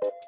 Thank you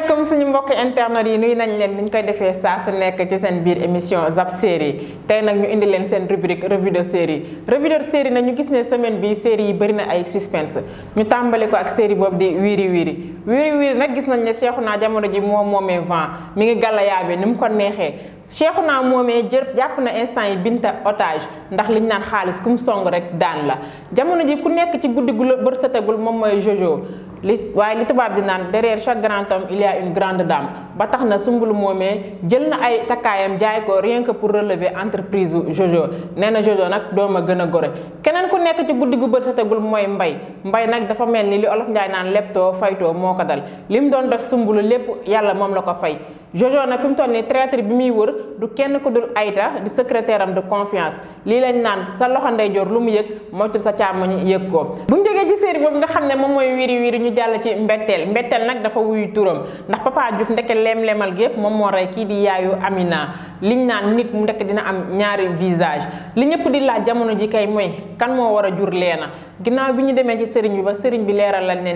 asalaamaaleykum suñu mbokk internet yi nuyu nañ leen niñ koy defee saa su nekk ci seen biir émission zap série tey nag ñu indi leen seen rubrique revue de série revue de série nag ñu gis ne semaine bi série yi bëri na ay suspense ñu tàmbali ko ak série boobu di wiiri wiiri wiiri wiiri nag gis nañ ne naa jamono ji moo moomee vent mi ngi gàllayaa bi ni mu ko neexee Cheikhouna moomee jër jàpp na instant yi Binta otage ndax liñ naan xaalis kum song rek daan la jamono ji ku nekk ci guddi gu la setagul moom mooy Jojo li waaye li tubaab di naan derrière chaque grand homme il y une grande dame ba tax na Soumboulou moomee jël na ay takkaayam jaay ko rien pour relever entreprise Jojo nee na Jojo nag doom a gën a goro keneen ku nekk ci guddi gu bër sa setagul mooy mbay mbay nag dafa mel ni li olof Njaay naan leptoo faytoo moo ko dal li mu doon def Soumboulou lépp yàlla moom la ko fay Jojo nag fi toll nii traître bi muy wër du kenn ku dul Aïda di secrétaire am de confiance lii lañ naan sa loxo ndeyjoor lu mu yëg moytul sa càmmoñ yëg ko bu ñu jógee ci série boobu nga xam ne moom mooy wiri wiri ñu jàll ci mbetteel mbetteel nag dafa wuyu turam ndax Papa Diouf ndeke leem-leemal gépp moom moo rey kii di yaayu Amina liñ naan nit mu ndekk dina am ñaari visage li ñëpp di laaj jamono ji kay mooy kan moo war a jur leena ginnaaw bi ñu demee ci sëriñ bi ba sëriñ bi leeral la ne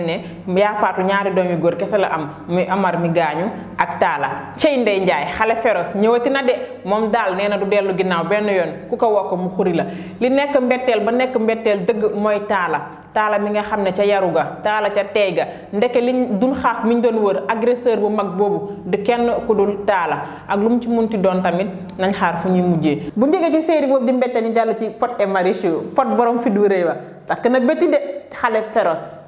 ne faatu ñaari doom yu góor kese la am muy Amar mi gaañu ak Talla cey Ndey xale féroce ñëwati de de moom daal nee na du dellu ginnaaw benn yoon ku ko wokk mu xuri la li nekk mbetteel ba nekk mbetteel dëgg mooy taala taala mi nga xam ne ca yaru ga taala ca tey ga ndeke li dun xaaf mi ñu doon wër agresseur bu mag boobu du kenn ku dul taala ak lu mu ci munti doon tamit nañ xaar fu ñuy mujjee bu njëgee ci série boobu di mbetteel ñu jàll ci Pod et Marichou Pod borom fi du réy wa takk na bétti de xale féroce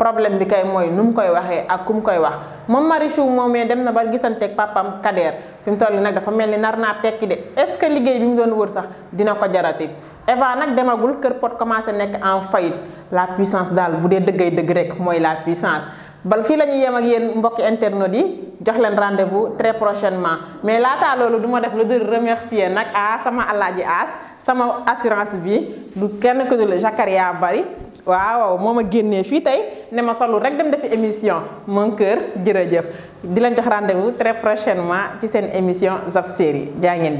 problème bi kay moy num koy waxe ak kum koy wax moom Marichou momé dem na ba ak papam Kader fi mu nak dafa melni ni nar naa tekki dé est-ce que liguey bi mu doon wër sax dina ko jarati Eva nak demagul keur pot commencé nek en faillite la puissance dal boudé deugay deug rek moy la puissance bal fi la yem ak yeen mbokki internet yi jox leen rendez-vous très prochainement mais laataa loolu du ma def le remercier nak à sama alaaji as sama assurance vie lu kenn ko dul jacaria Bari waaw moi me gêne fii tey ne ma solu rek dem defi émission mon cœur jërëjëf di leen te rendez-vous très prochainement ci une émission Zap Série jaa ngeen